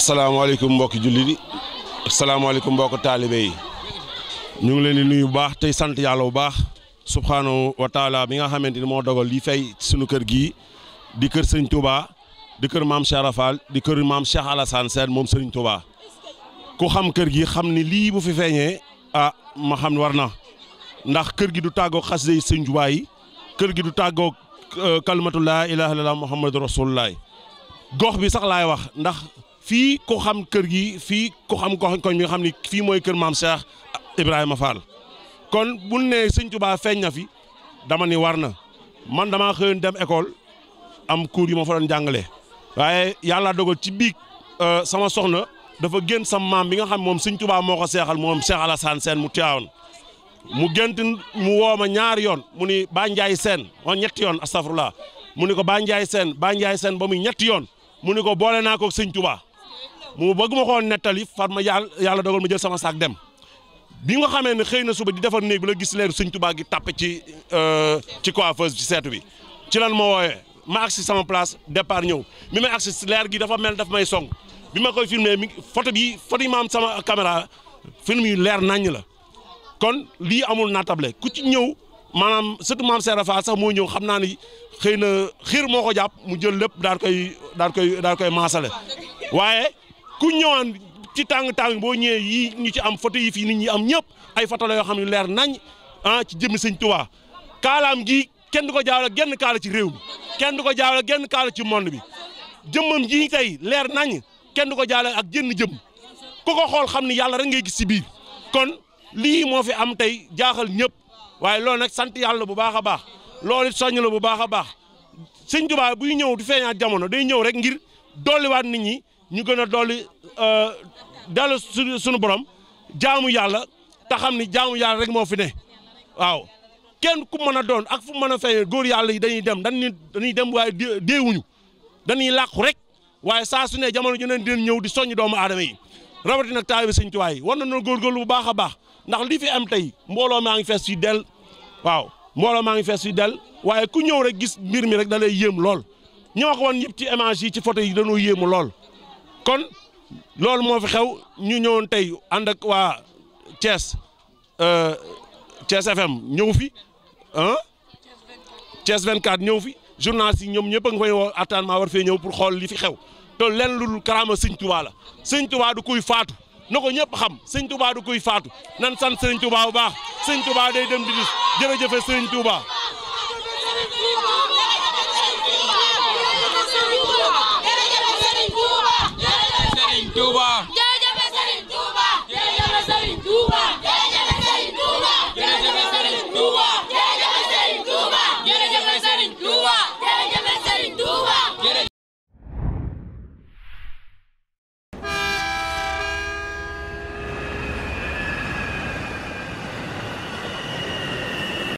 asalaamaaleykum mbokki jullit yi asalaamaaleykum mbokk taalibe yi ñu ngi leen di nuyu bu baax tey sant yàlla bu baax subhaanahu wa bi nga xamante ni moo dogal li fay suñu kër gi di kër sëñ Touba di kër maam Cheikh Rafal di kër maam Cheikh Alassane Sène moom sëriñ Touba ku xam kër gi xam ni lii bu fi feeñee a ah, ma xam war na ndax kër gi du tàggoog xasida yi sëñ Touba yi kër gi du tàggook euh, kalimatu laa ilaaha illallaah muhammadu gox bi sax lay wax ndax fii ko xam kër gi fii ko xam ko bi nga xam ni fii mooy kër maam Ibrahima Fall kon buñ ne sëñ Tuubaa feeñ na fi dama ni war na man damaa xëyoon dem école am cours yi ma fa doon jàngalee. waaye yàlla dogal ci biig euh, sama soxna dafa génn sam maam bi nga xam moom sëñ Tuubaa moo ko seexal moom Cheikh Alassane seen mu Tiwaawan mu gént mu woo ma ñaari yoon mu ni Ba Ndiaye Sène ma ñetti yoon astafurlah mu ni ko Ba Ndiaye Sène Ba Ndiaye Sène ba muy ñetti yoon mu ni ko boole naa ko sëñ Tuubaa mu bëgg ma xool nettali far ma yàlla yàlla dogal ma jël sama saak dem bi nga xamee ne xëy na suba di defar néeg la gis leen Sëñ Tuubaa gi tàppe ci euh, ci coiffeuse ci seetu bi ci lan ma wooyee ma agsi sama place départ ñëw mi may agsi leer gi dafa mel daf may song bi ma koy filmé mi photo bi photo yi ma sama caméra film yi leer nañ la kon lii amul naatable ku ci ñëw maanaam surtout maam Serap Fall sax moo ñëw xam naa ni xëy na xiir moo ko jàpp mu jël lépp daal koy daal koy daal koy maasale ku ñëwaan ci tàng-tàng boo ñëwee yii ñu ci am photo yi fii nit ñi am ñëpp ay photo la yoo xam ne leer nañ ah ci jëmmi sëñ Tuubaa kaalaam gi kenn du ko jaawale genn kaala ci réew mi kenn du ko jaawale genn kaala ci monde bi jëmmam ji tey leer nañ kenn du ko jaawale ak jënn jëm ku ko xool xam ne yàlla rek ngay gis si biir kon lii moo fi am tey jaaxal ñëpp waaye loolu nag sant yàlla bu baax a baax loolu soññ la bu baax a baax sëñ Tuubaa buy ñëw du feeñaat jamono day ñëw rek ngir dolliwaat nit ñi ñu gën a dolli euh, dellu suñu suñu borom jaamu yàlla te xam ni jaamu yàlla rek moo fi ne waaw kenn ku mën a doon ak fu mën a feeñee góor yàlla yi dañuy dem dañuy dañuy dem waaye deewuñu dañuy làqu rek waaye saa su ne jamono ju neen dinañ ñëw di soññi doomu aadama yi rawatina nag taalibe Sëñ Tuubaa yi war nañoo góorgóorlu bu baax a baax ndax li fi am tey mbooloo maa ngi fees fii del waaw mbooloo maa ngi fees fii del waaye ku ñëw rek gis mbir mi rek da yéem lool ñoo ko ci image yi ci photo yi dañoo yéemu lool kon loolu moo fi xew ñu ñëwoon tey ànd ak waa Thiès cees euh, FM ñëw fi ah Thiès 24 ñëw fi journaliste yi ñoom ñëpp a nga fay woo attennement war fee ñëw pour xool li fi xew te lenn lu dul karaama sëñ Touba la sëñ Touba du kuy faatu na ko ñëpp xam sëñ Touba du kuy faatu nan sant sëñ Touba bu baax sëñ Touba day dem di dis jërëjëfe sëñ Touba Serigne